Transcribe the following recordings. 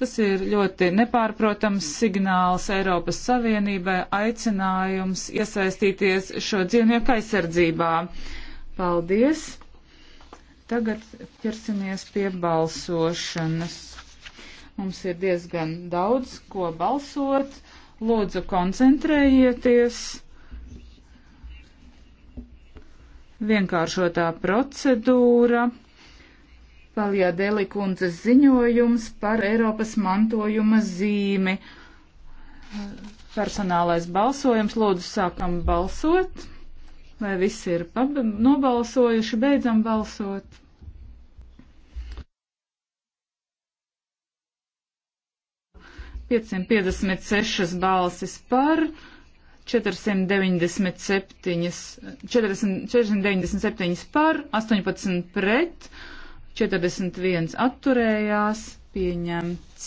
Tas ir ļoti nepārprotams signāls Eiropas Savienībai, aicinājums iesaistīties šo dzīvnieku aizsardzībā. Paldies! Tagad ķersimies pie balsošanas. Mums ir diezgan daudz, ko balsot. Lūdzu, koncentrējieties. Vienkāršotā procedūra. Palijā Delikundzes ziņojums par Eiropas mantojuma zīmi. Personālais balsojums. Lūdzu, sākam balsot. Vai visi ir nobalsojuši? Beidzam balsot. Piecsimt piecdesmit sešas balsis par, 497, 497 par, 18 pret 41 atturējās, pieņemts.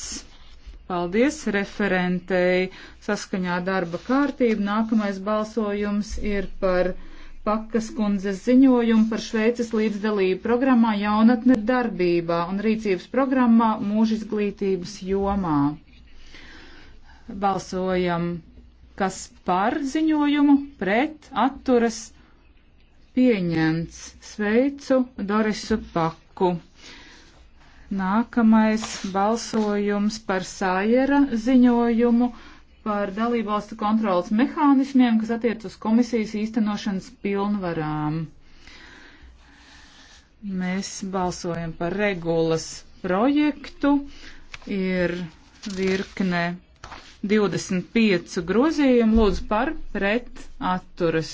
Paldies referentei. Saskaņā darba kārtība nākamais balsojums ir par Pakas kundzes ziņojumu par Šveices līdzdalību programmā jaunatne darbībā un rīcības programmā mūža izglītības jomā. Balsojam, kas par ziņojumu, pret, atturas, pieņemts. Sveicu Dorisu Paku bloku. Nākamais balsojums par Sājera ziņojumu par dalībvalstu kontrolas mehānismiem, kas attiec uz komisijas īstenošanas pilnvarām. Mēs balsojam par regulas projektu. Ir virkne 25 grozījumu. Lūdzu par pret atturas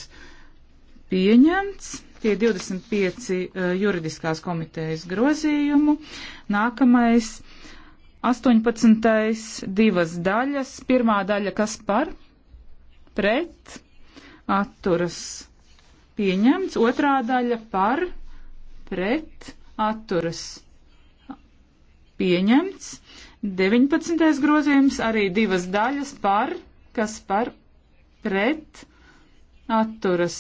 pieņemts. Tie 25 uh, juridiskās komitejas grozījumu. Nākamais 18. divas daļas. Pirmā daļa kas par? Pret. Atturas. Pieņemts. Otrā daļa par. Pret. Atturas. Pieņemts. 19. grozījums arī divas daļas par. Kas par? Pret. Atturas.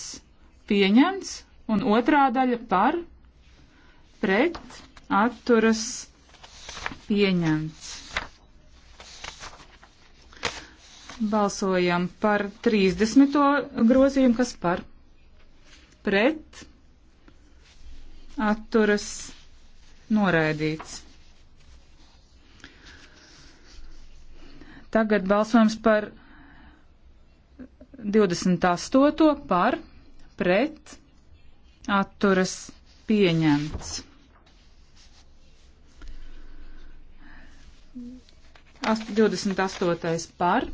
Pieņemts un otrā daļa par, pret, atturas, pieņemts. Balsojam par 30. grozījumu, kas par, pret, atturas, noraidīts. Tagad balsojums par 28. par, pret, atturas pieņemts. 28. par,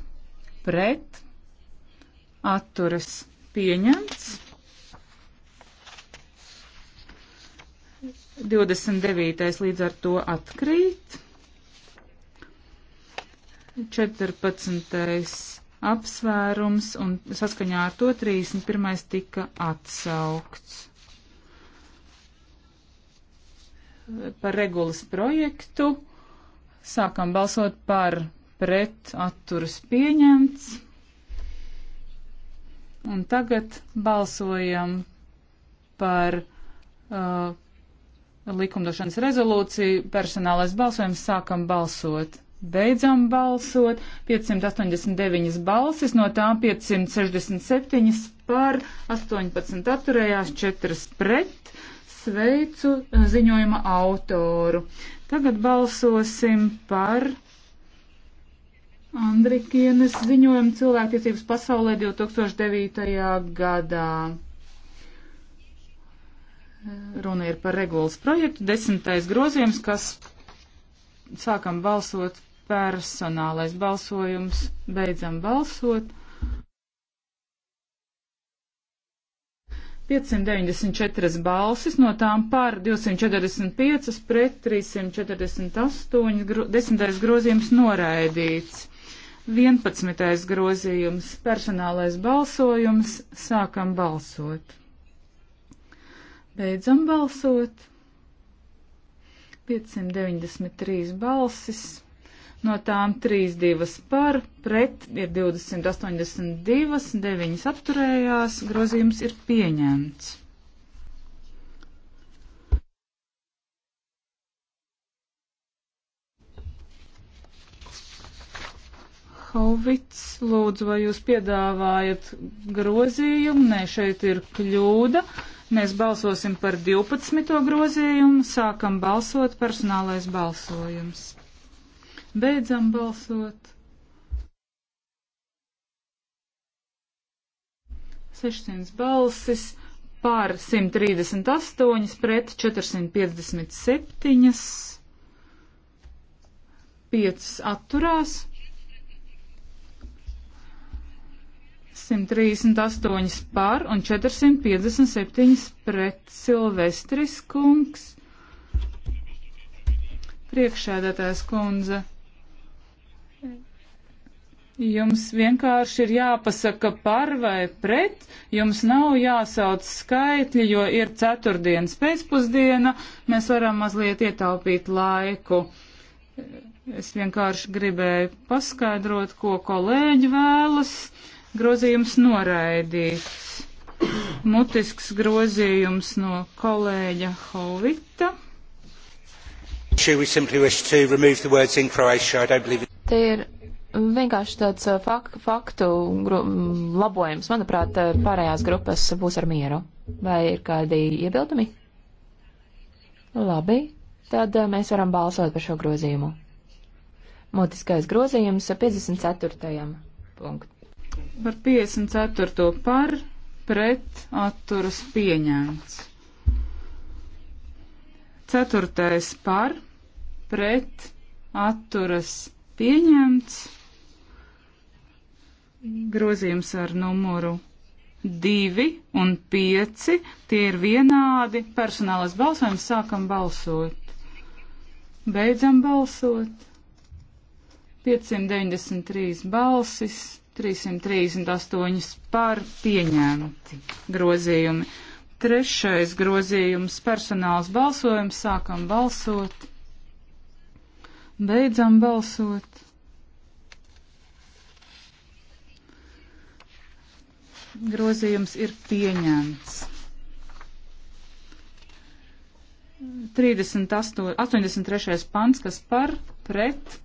pret, atturas pieņemts. 29. līdz ar to atkrīt. 14. apsvērums un saskaņā ar to 31. tika atsaukts. par regulas projektu. Sākam balsot par pret atturas pieņemts. Un tagad balsojam par uh, likumdošanas rezolūciju. Personālais balsojums sākam balsot. Beidzam balsot. 589 balsis, no tām 567 par, 18 atturējās, 4 pret. Sveicu eh, ziņojuma autoru. Tagad balsosim par Andrikienes ziņojumu cilvēktiesības pasaulē 2009. gadā. Eh, runa ir par regulas projektu. Desmitais grozījums, kas sākam balsot personālais balsojums, beidzam balsot. 594 balsis, no tām par 245 pret 348, 10. grozījums noraidīts. 11. grozījums - personālais balsojums, sākam balsot. Beidzam balsot. 593 balsis. No tām 3, 2 par, pret ir 20, 82, 9 atturējās, grozījums ir pieņemts. Hovits, lūdzu, vai jūs piedāvājat grozījumu? Nē, šeit ir kļūda. Mēs balsosim par 12. grozījumu, sākam balsot personālais balsojums. Beidzam balsot. 600 balsis par 138 pret 457. 5 atturās. 138 par un 457 pret Silvestris kungs. Priekšēdētājs kundze. Jums vienkārši ir jāpasaka par vai pret, jums nav jāsauc skaitļi, jo ir ceturtdienas pēcpusdiena, mēs varam mazliet ietaupīt laiku. Es vienkārši gribēju paskaidrot, ko kolēģi vēlas. Grozījums noraidīts. Mutisks grozījums no kolēģa Hovita. Te ir vienkārši tāds uh, fak, faktu gru, labojums. Manuprāt, uh, pārējās grupas būs ar mieru. Vai ir kādi iebildumi? Labi, tad uh, mēs varam balsot par šo grozījumu. Motiskais grozījums 54. punkt. Par 54. par pret atturas pieņemts. Ceturtais par pret atturas pieņemts grozījums ar numuru 2 un 5. Tie ir vienādi. Personālais balsojums sākam balsot. Beidzam balsot. 593 balsis, 338 par pieņemti grozījumi. Trešais grozījums - personāls balsojums. Sākam balsot. Beidzam balsot. grozījums ir pieņemts. 38, 83. pants, kas par pret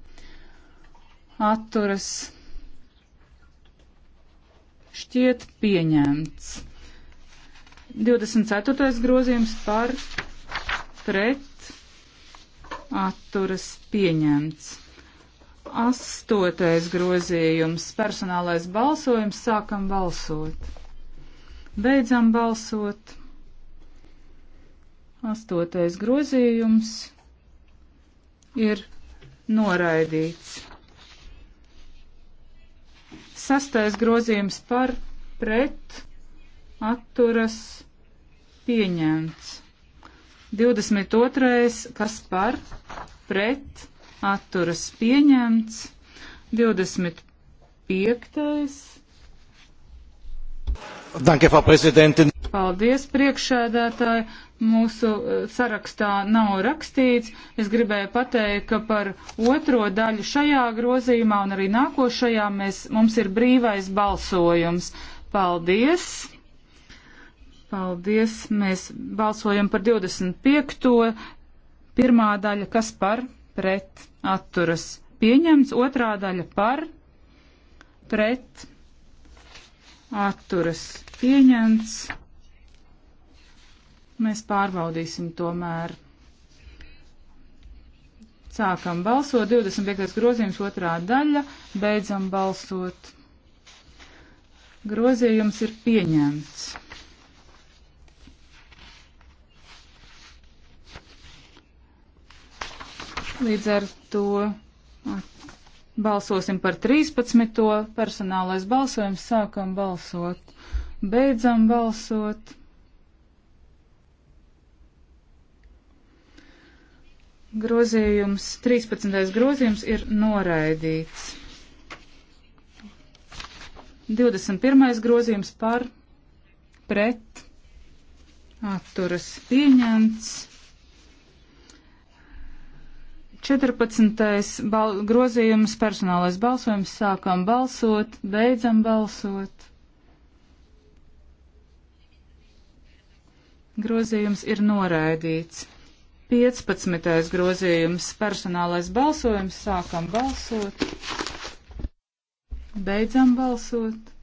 atturas šķiet pieņemts. 24. grozījums par pret atturas pieņemts. Astotais grozījums - personālais balsojums. Sākam balsot. Beidzam balsot. Astotais grozījums ir noraidīts. Sastais grozījums par pret atturas pieņemts. 22. kas par pret atturas pieņemts. 25. Danke, Frau Präsidentin. Paldies, priekšēdētāji. Mūsu eh, sarakstā nav rakstīts. Es gribēju pateikt, ka par otro daļu šajā grozījumā un arī nākošajā mēs, mums ir brīvais balsojums. Paldies! Paldies! Mēs balsojam par 25. pirmā daļa. Kas par? pret atturas pieņemts, otrā daļa par pret atturas pieņemts. Mēs pārbaudīsim tomēr. Sākam balsot, 25. grozījums otrā daļa, beidzam balsot. Grozījums ir pieņemts. Līdz ar to balsosim par 13. personālais balsojums, sākam balsot, beidzam balsot. Grozījums, 13. grozījums ir noraidīts. 21. grozījums par pret atturas pieņemts. 14. Bal grozījums personālais balsojums. Sākam balsot, beidzam balsot. Grozījums ir noraidīts. 15. grozījums personālais balsojums. Sākam balsot, beidzam balsot.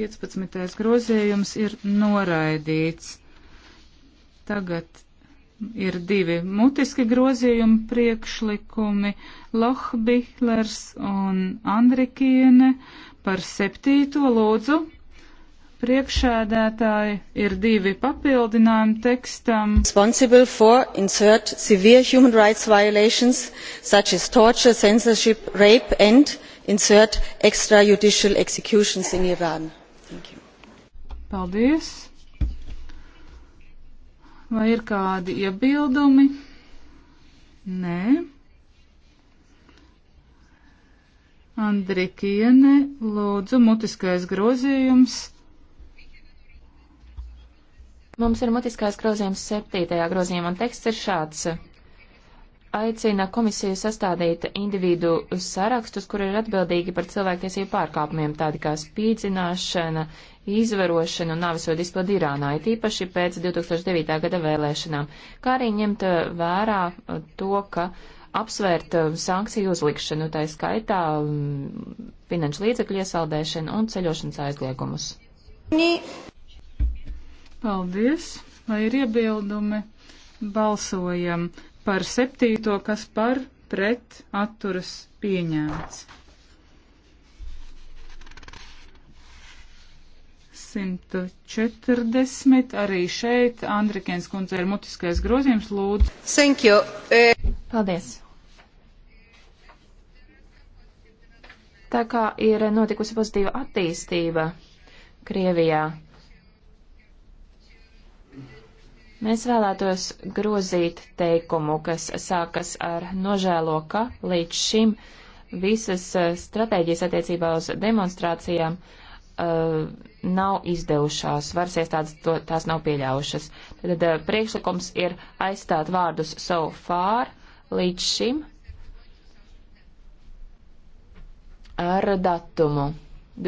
15. grozījums ir noraidīts. Tagad ir divi mutiski grozījumi priekšlikumi - Lohbihlers un Andrikiene par septīto lūdzu. Priekšēdētāji ir divi papildinājumi tekstam. Responsible for insert severe human rights violations such as torture, censorship, rape and insert extrajudicial executions in Iran. Paldies. Vai ir kādi iebildumi? Nē. Andrikiene, lūdzu, mutiskais grozījums. Mums ir mutiskais grozījums septītajā grozījumā, un teksts ir šāds aicina komisiju sastādīt individu sarakstus, kur ir atbildīgi par cilvēktiesību pārkāpumiem, tādi kā spīdzināšana, izvarošana un nāvisod izpildu Irānā, it īpaši pēc 2009. gada vēlēšanām, kā arī ņemt vērā to, ka apsvērt sankciju uzlikšanu, tā skaitā mm, finanšu līdzekļu iesaldēšanu un ceļošanas aizliegumus. Paldies! Vai ir iebildumi? Balsojam! par septīto, kas par pret atturas pieņēmts. 140. Arī šeit Andrikēns kundze ir mutiskais grozījums. Lūdzu. Thank you. E, Paldies. Tā kā ir notikusi pozitīva attīstība Krievijā, Mēs vēlētos grozīt teikumu, kas sākas ar nožēlo, ka līdz šim visas eh, stratēģijas attiecībā uz demonstrācijām uh, nav izdevušās, varas iestādes to, tās nav pieļaujušas. Tad uh, priekšlikums ir aizstāt vārdus so far līdz šim ar datumu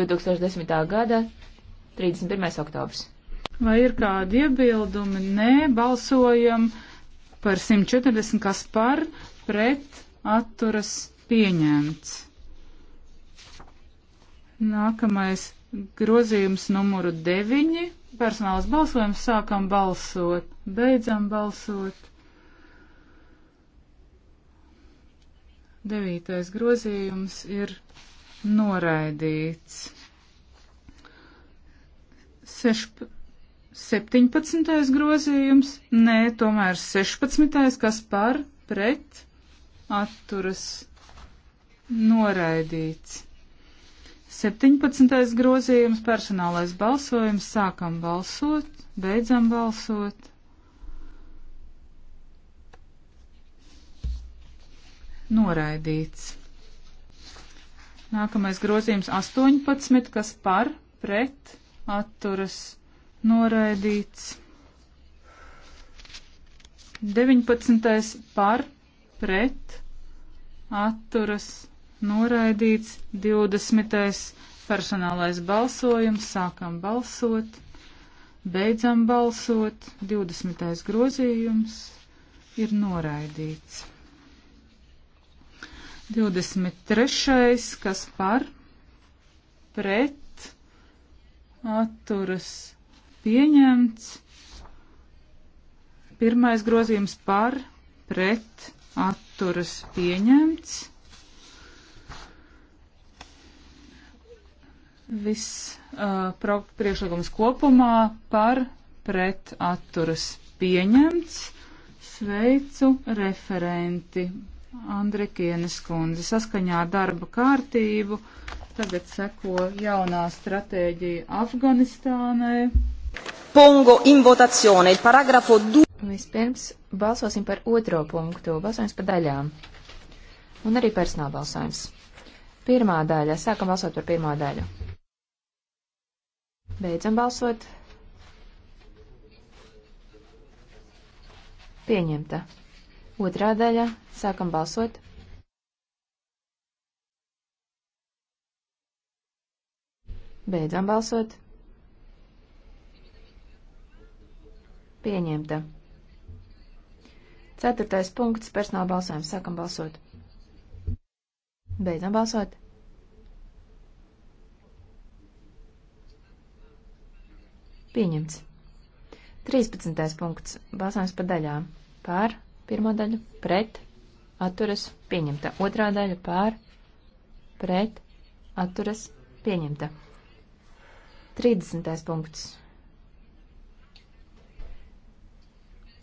2010. gada 31. oktobrs. Vai ir kādi iebildumi? Nē, balsojam par 140, kas par, pret, atturas pieņemts. Nākamais grozījums numuru 9. Personāls balsojums sākam balsot, beidzam balsot. Devītais grozījums ir noraidīts. Sešp 17. grozījums, nē, tomēr 16. kas par pret atturas noraidīts. 17. grozījums personālais balsojums, sākam balsot, beidzam balsot. Noraidīts. Nākamais grozījums 18, kas par pret atturas noraidīts noraidīts. 19. par pret atturas noraidīts. 20. personālais balsojums sākam balsot. Beidzam balsot. 20. grozījums ir noraidīts. 23. kas par pret atturas noraidīts pieņemts. Pirmais grozījums par, pret, atturas pieņemts. Viss uh, priekšlikums kopumā par, pret, atturas pieņemts. Sveicu referenti Andrikienes kundzi saskaņā ar darba kārtību. Tagad seko jaunā stratēģija Afganistānai. Pongo in votazione il paragrafo 2. Vispirms balsosim par otro punktu, balsojums par daļām. Un arī personāla balsojums. Pirmā daļa. Sākam balsot par pirmā daļu. Beidzam balsot. Pieņemta. Otrā daļa. Sākam balsot. Beidzam balsot. Pieņemta. Ceturtais punkts - personāla balsojums. Sākam balsot. Beidzam balsot. Pieņemts. 13. punkts - balsojums par daļām. Pār pirmo daļu, pret, atturas, pieņemta. Otrā daļa pār, pret, atturas, pieņemta. 30. punkts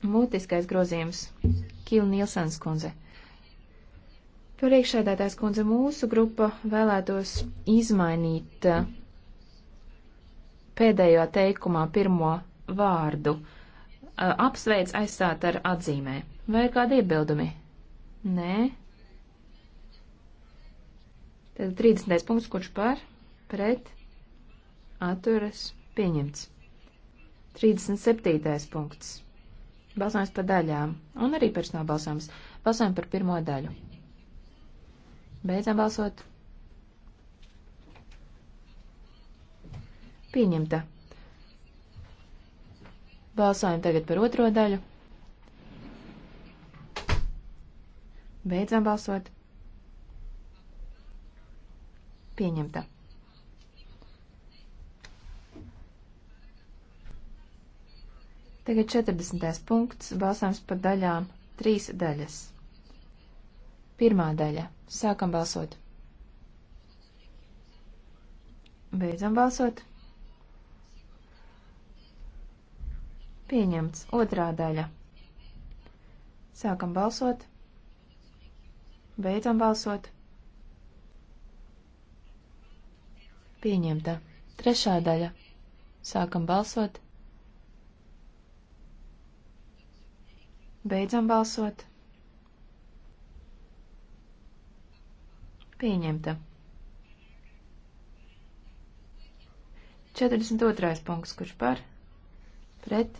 Mūtiskais grozījums - Kīla Nilsens kundze. Priekšēdētājs kundze mūsu grupa vēlētos izmainīt eh, pēdējo teikumā pirmo vārdu. Eh, apsveic aizstāt ar atzīmē. Vai ir kādi iebildumi? Nē. Tad 30. punkts, kurš par, pret, atturas, pieņemts. 37. punkts. Balsojums pa daļām. Un arī personāla balsojums. Balsojam par pirmo daļu. Beidzam balsot. Pieņemta. Balsojam tagad par otro daļu. Beidzam balsot. Pieņemta. Tagad 40. punkts, balsāms par daļām, trīs daļas. Pirmā daļa. Sākam balsot. Beidzam balsot. Pieņemts. Otrā daļa. Sākam balsot. Beidzam balsot. Pieņemta. Trešā daļa. Sākam balsot. Beidzam balsot. Pieņemta. 42. punkts, kurš par, pret,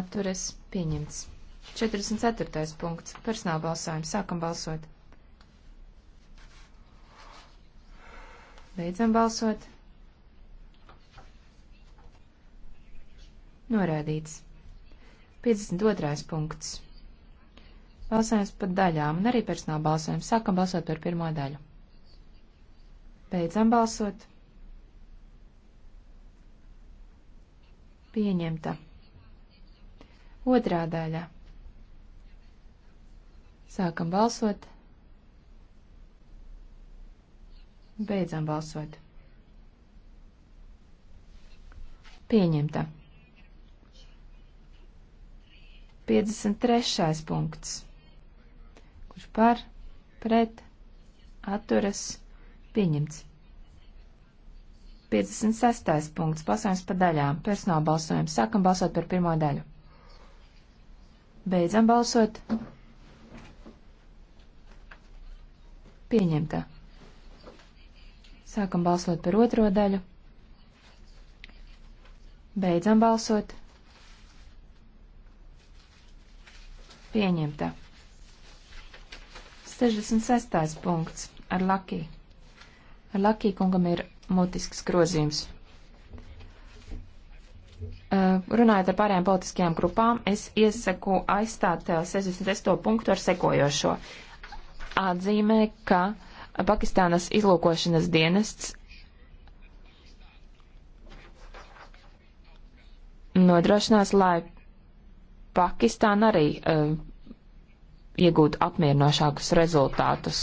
atturas, pieņemts. 44. punkts, personāla balsojums, sākam balsot. Beidzam balsot. Norādīts. 52. punkts. Balsojums par daļām un arī personāla balsojums. Sākam balsot par pirmo daļu. Beidzam balsot. Pieņemta. Otrā daļa. Sākam balsot. Beidzam balsot. Pieņemta. 53. punkts. Kurš par, pret, atturas, pieņemts. 56. punkts. Balsojums pa daļām. Personāla balsojums. Sākam balsot par pirmo daļu. Beidzam balsot. Pieņemta. Sākam balsot par otro daļu. Beidzam balsot. Pieņemta. 66. punkts ar Lakī. Ar Lakī kungam ir mutisks grozījums. Uh, runājot ar pārējām politiskajām grupām, es iesaku aizstāt uh, 66. punktu ar sekojošo. Atzīmē, ka Pakistānas izlūkošanas dienests nodrošinās, lai Pakistāna arī uh, iegūt apmierinošākus rezultātus.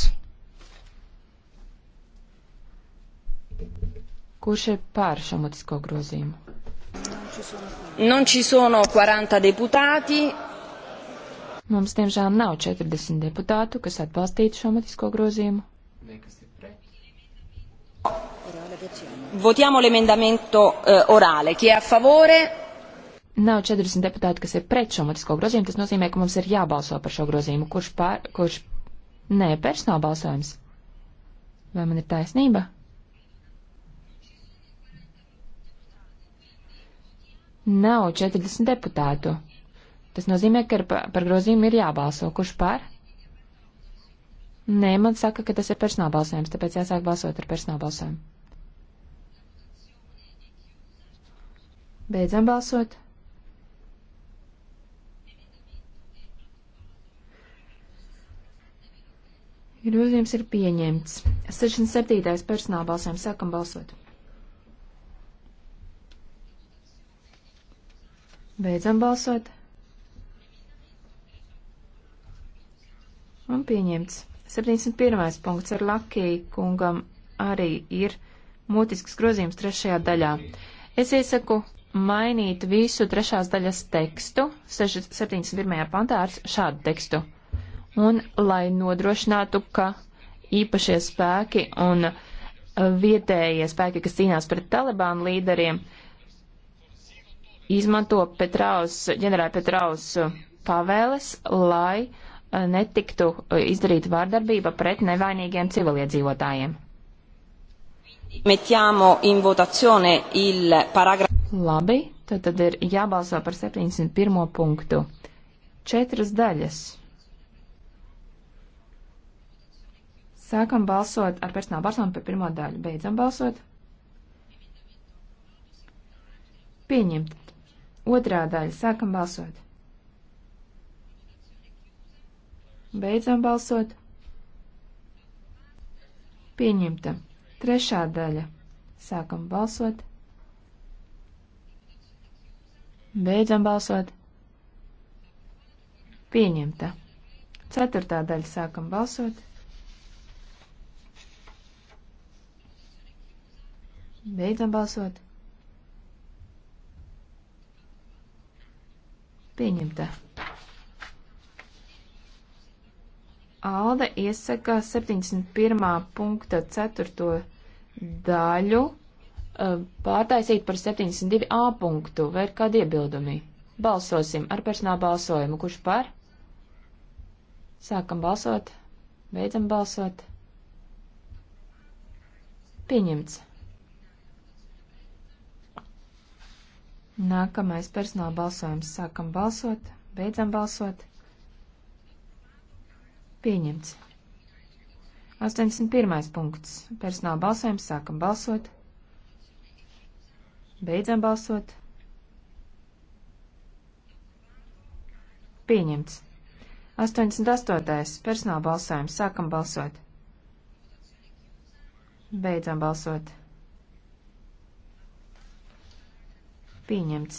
Kurš ir pār šo mutisko grozījumu? Non ci sono 40 deputāti. Mums, diemžēl, nav 40 deputātu, kas atbalstītu šo mutisko grozījumu. Votiamo l'emendamento uh, orale. Chi è a favore? nav 40 deputāti, kas ir pret šo mutisko grozījumu, tas nozīmē, ka mums ir jābalso par šo grozījumu. Kurš pār, kurš, nē, personāla balsojums. Vai man ir taisnība? Nav 40 deputātu. Tas nozīmē, ka par grozījumu ir jābalso. Kurš pār? Nē, man saka, ka tas ir personāla balsojums, tāpēc jāsāk balsot ar personāla balsojumu. Beidzam balsot. Grozījums ir pieņemts. 67. personāla balsojums. Sākam balsot. Beidzam balsot. Un pieņemts. 71. punkts ar Lakiju kungam arī ir mutisks grozījums trešajā daļā. Es iesaku mainīt visu trešās daļas tekstu 6, 71. pantā ar šādu tekstu un lai nodrošinātu, ka īpašie spēki un vietējie spēki, kas cīnās pret Talibānu līderiem, izmanto Petraus, ģenerāla Petraus pavēles, lai eh, netiktu izdarīta vārdarbība pret nevainīgiem civiliedzīvotājiem. Mettiamo in votazione il paragrafo. Labi, tad, tad ir jābalso par 71. punktu. Četras daļas. Sākam balsot ar personālu balsojumu par pirmo daļu. Beidzam balsot. Pieņemt. Otrā daļa. Sākam balsot. Beidzam balsot. Pieņemta. Trešā daļa. Sākam balsot. Beidzam balsot. Pieņemta. Ceturtā daļa. Sākam balsot. Beidzam balsot. Pieņemta. Alde iesaka 71. punkta 4. daļu eh, pārtaisīt par 72a punktu, vai ir kādi iebildumi? Balsosim ar personālu balsojumu. Kurš par? Sākam balsot, beidzam balsot. Pieņemts. Nākamais personāla balsojums. Sākam balsot, beidzam balsot. Pieņemts. 81. punkts. Personāla balsojums. Sākam balsot. Beidzam balsot. Pieņemts. 88. personāla balsojums. Sākam balsot. Beidzam balsot. Pieņemts.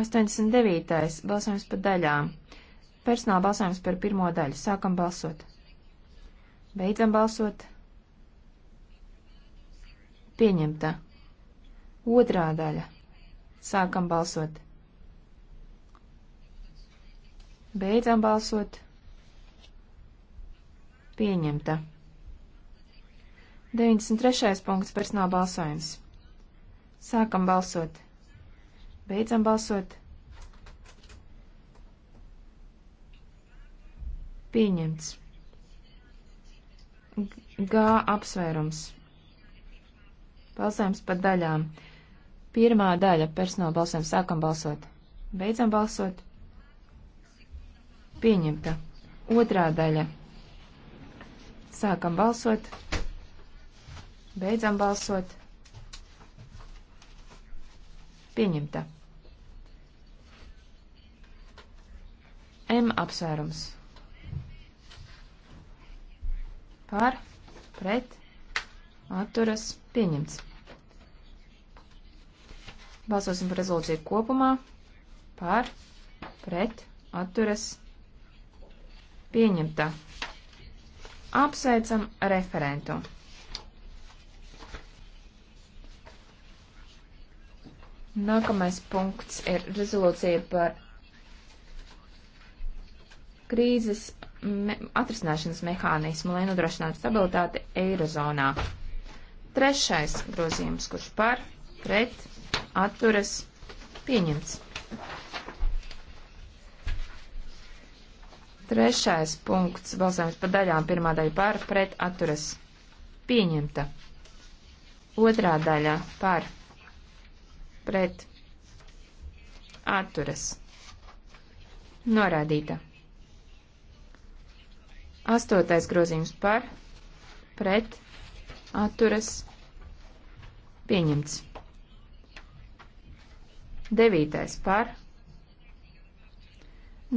89. Balsojums par daļām. Personāla balsojums par pirmo daļu. Sākam balsot. Beidzam balsot. Pieņemta. Otrā daļa. Sākam balsot. Beidzam balsot. Pieņemta. 93. punkts personāla balsojums. Sākam balsot. Beidzam balsot. Pieņemts. G apsvērums. Balsojums par daļām. Pirmā daļa personāla balsojums. Sākam balsot. Beidzam balsot. Pieņemta. Otrā daļa. Sākam balsot. Beidzam balsot. Pieņemta. M apsvērums. Par, pret, atturas, pieņemts. Balsosim par rezolūciju kopumā. Par, pret, atturas, pieņemta. Apsveicam referentu. Nākamais punkts ir rezolūcija par krīzes me atrisināšanas mehānismu, lai nodrošinātu stabilitāti eirozonā. Trešais grozījums, kurš par, pret, atturas, pieņemts. Trešais punkts, balsojums par daļām, pirmā daļa par, pret, atturas, pieņemta. Otrā daļa par, pret atturas norādīta. Astotais grozījums par pret atturas pieņemts. Devītais par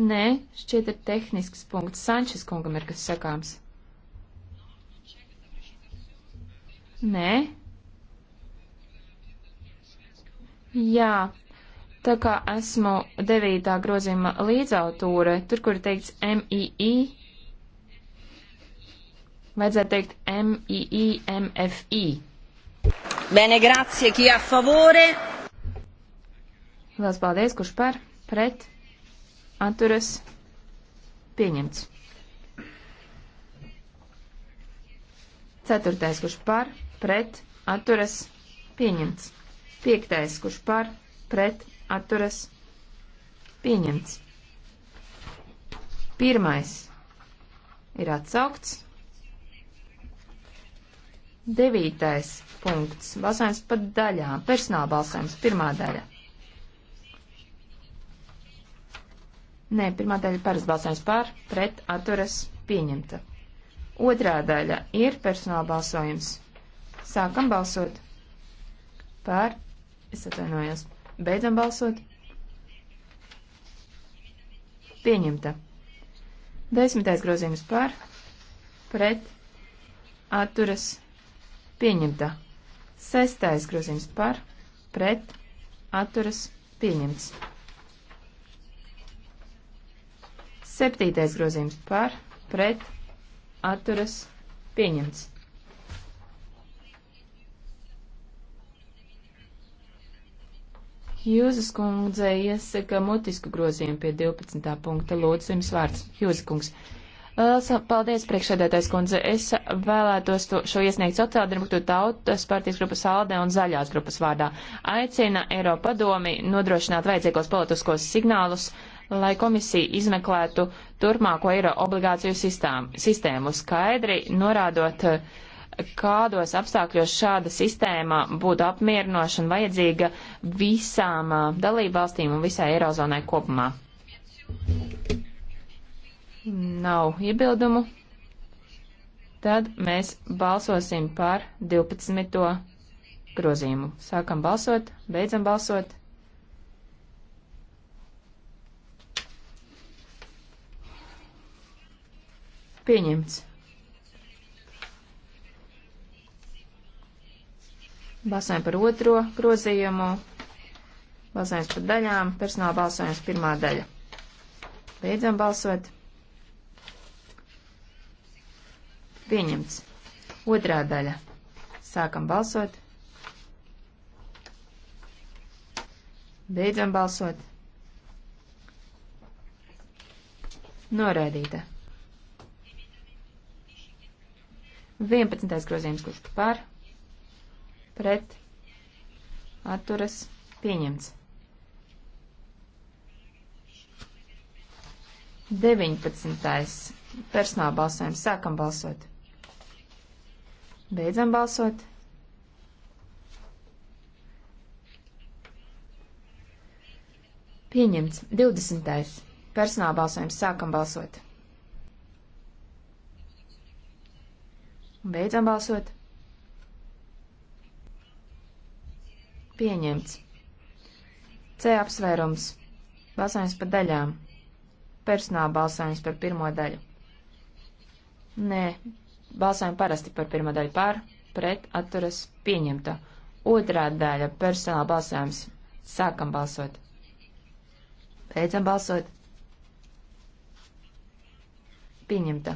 Nē, šķiet ir tehnisks punkts. Sančes kungam ir kas sakāms. Nē, Jā, tā kā esmu 9. grozījuma līdzautūre, tur, kur ir teikts MII, vajadzētu teikt MII, MFI. Bene, grazie, chi a favore. Lielas paldies, kurš par, pret, atturas, pieņemts. Ceturtais, kurš par, pret, atturas, pieņemts. Piektais, kurš par, pret, atturas, pieņemts. Pirmais ir atsaukts. Devītais punkts. Balsājums par daļām. Personāla balsājums. Pirmā daļa. Nē, pirmā daļa paras balsājums par, pret, atturas, pieņemta. Otrā daļa ir personāla balsojums. Sākam balsot par Es atvainojos. Beidzam balsot. Pieņemta. Desmitais grozījums par, pret, atturas, pieņemta. Sestais grozījums par, pret, atturas, pieņemts. Septītais grozījums par, pret, atturas, pieņemts. Jūzas kundze iesaka mutisku grozījumu pie 12. punkta. Lūdzu, jums vārds. Jūzas kungs. Paldies, priekšsēdētājs kundze. Es vēlētos to, šo iesniegt sociāldemokratu tautas partijas grupas ALDE un zaļās grupas vārdā. Aicina Eiropa padomi nodrošināt vajadzīgos politiskos signālus, lai komisija izmeklētu turpmāko eiro obligāciju sistēmu, skaidri norādot uh, kādos apstākļos šāda sistēma būtu apmierinoša un vajadzīga visām dalībvalstīm un visai Eirozonai kopumā. Nav iebildumu. Tad mēs balsosim par 12. grozījumu. Sākam balsot, beidzam balsot. Pieņemts. Balsojam par otro grozījumu. Balsojums par daļām. Personāla balsojums pirmā daļa. Beidzam balsot. Pieņemts. Otrā daļa. Sākam balsot. Beidzam balsot. Noraidīta. 11. grozījums, kurš par? pret atturas pieņemts. 19. personāla balsojums. Sākam balsot. Beidzam balsot. Pieņemts 20. personāla balsojums. Sākam balsot. Beidzam balsot. Pieņemts. C apsvērums. Balsājums par daļām. Personāla balsājums par pirmo daļu. Nē, balsājumi parasti par pirmo daļu pār, pret, atturas, pieņemta. Otrā daļa - personāla balsājums. Sākam balsot. Beidzam balsot. Pieņemta.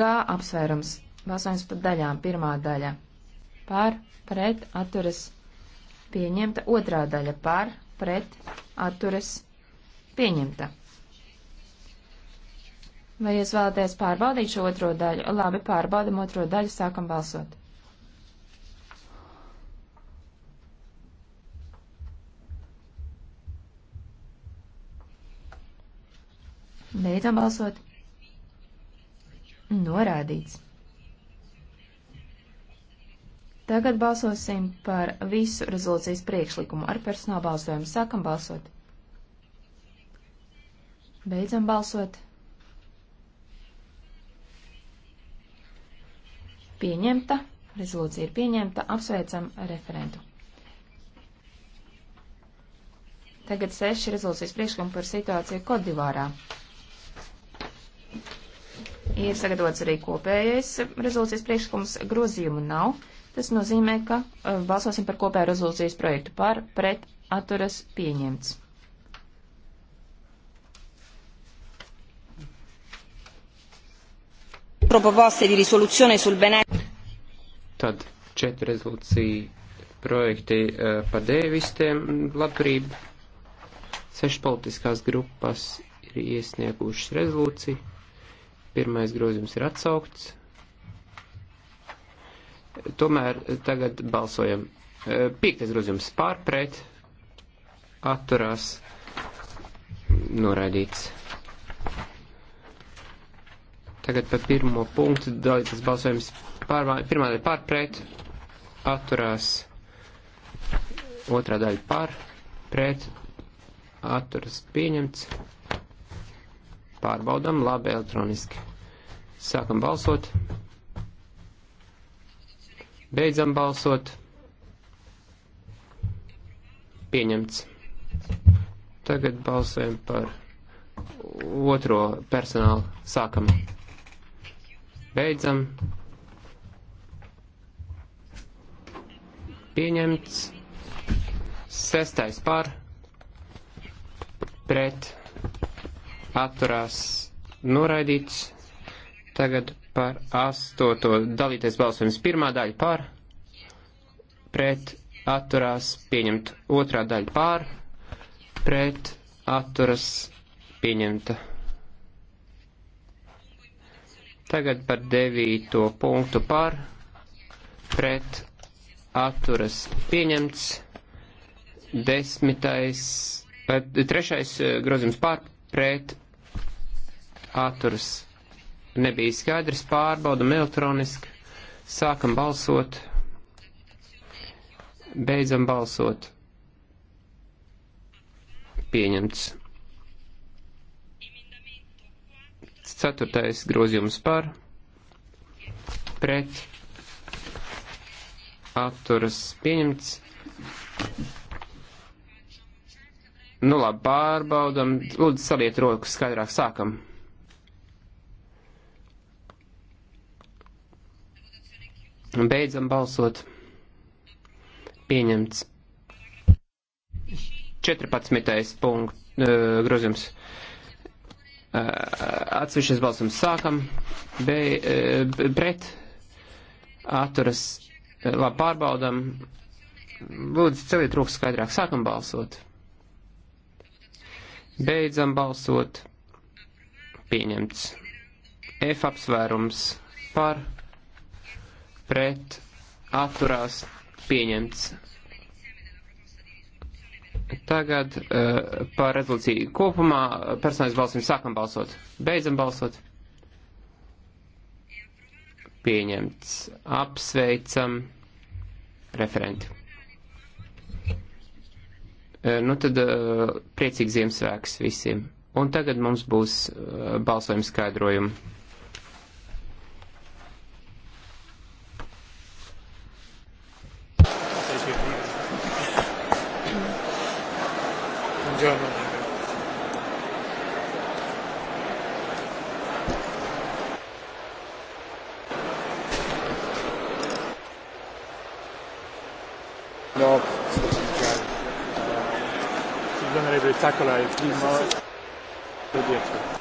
G apsvērums. Balsojums par daļām. Pirmā daļa par pret atturas pieņemta, otrā daļa par pret atturas pieņemta. Vai jūs vēlaties pārbaudīt šo otro daļu? Labi, pārbaudam otro daļu, sākam balsot. Beidzam balsot. Norādīts. Tagad balsosim par visu rezolūcijas priekšlikumu ar personālu balsojumu. Sākam balsot. Beidzam balsot. Pieņemta. Rezolūcija ir pieņemta. Apsveicam referentu. Tagad seši rezolūcijas priekšlikumi par situāciju Kodivārā. Ir sagatavots arī kopējais rezolūcijas priekšlikums. Grozījumu nav. Tas nozīmē, ka e, balsosim par kopēju rezolūcijas projektu par pret atturas pieņemts. proposte di risoluzione sul benessere. Tad četri rezolūcija projekti uh, e, par dēvistiem labprību. Sešas politiskās grupas ir iesniegušas rezolūciju. Pirmais grozījums ir atsaukts. Tomēr tagad balsojam. Eh, piektais grozījums pārpret, atturās, noraidīts. Tagad par pirmo punktu dalītas balsojums pārvā, pirmā daļa pārpret, atturās, otrā daļa pārpret, atturas pieņemts. Pārbaudam labi elektroniski. Sākam balsot. Beidzam balsot. Pieņemts. Tagad balsojam par otro personālu. Sākam. Beidzam. Pieņemts. Sestais par. Pret. Atturās. Noraidīts. Tagad par astoto dalīties balsojums pirmā daļa par, pret atturās pieņemt otrā daļa par, pret atturas pieņemta. Tagad par devīto punktu par, pret atturas pieņemts, desmitais, eh, trešais eh, grozījums par, pret atturas pieņemts nebija skaidrs, pārbaudam elektroniski, sākam balsot, beidzam balsot. Pieņemts. Ceturtais grozījums par, pret, atturas pieņemts. Nu labi, pārbaudam, lūdzu saliet rokas skaidrāk, sākam. Beidzam balsot. Pieņemts. 14. punkt, eh, grozījums. Eh, Atsevišķas balsums sākam. Be, eh, pret. Atturas. Labi, pārbaudam. Lūdzu, ceļiet rokas skaidrāk. Sākam balsot. Beidzam balsot. Pieņemts. F apsvērums par pret atturās pieņemts. Tagad uh, par rezolūciju kopumā personālais balsojums sākam balsot. Beidzam balsot. Pieņemts. Apsveicam referenti. Uh, eh, nu tad uh, priecīgs Ziemassvētks visiem. Un tagad mums būs uh, balsojuma skaidrojumi. Germany. No, bisognerebbe taccolare prima e dietro.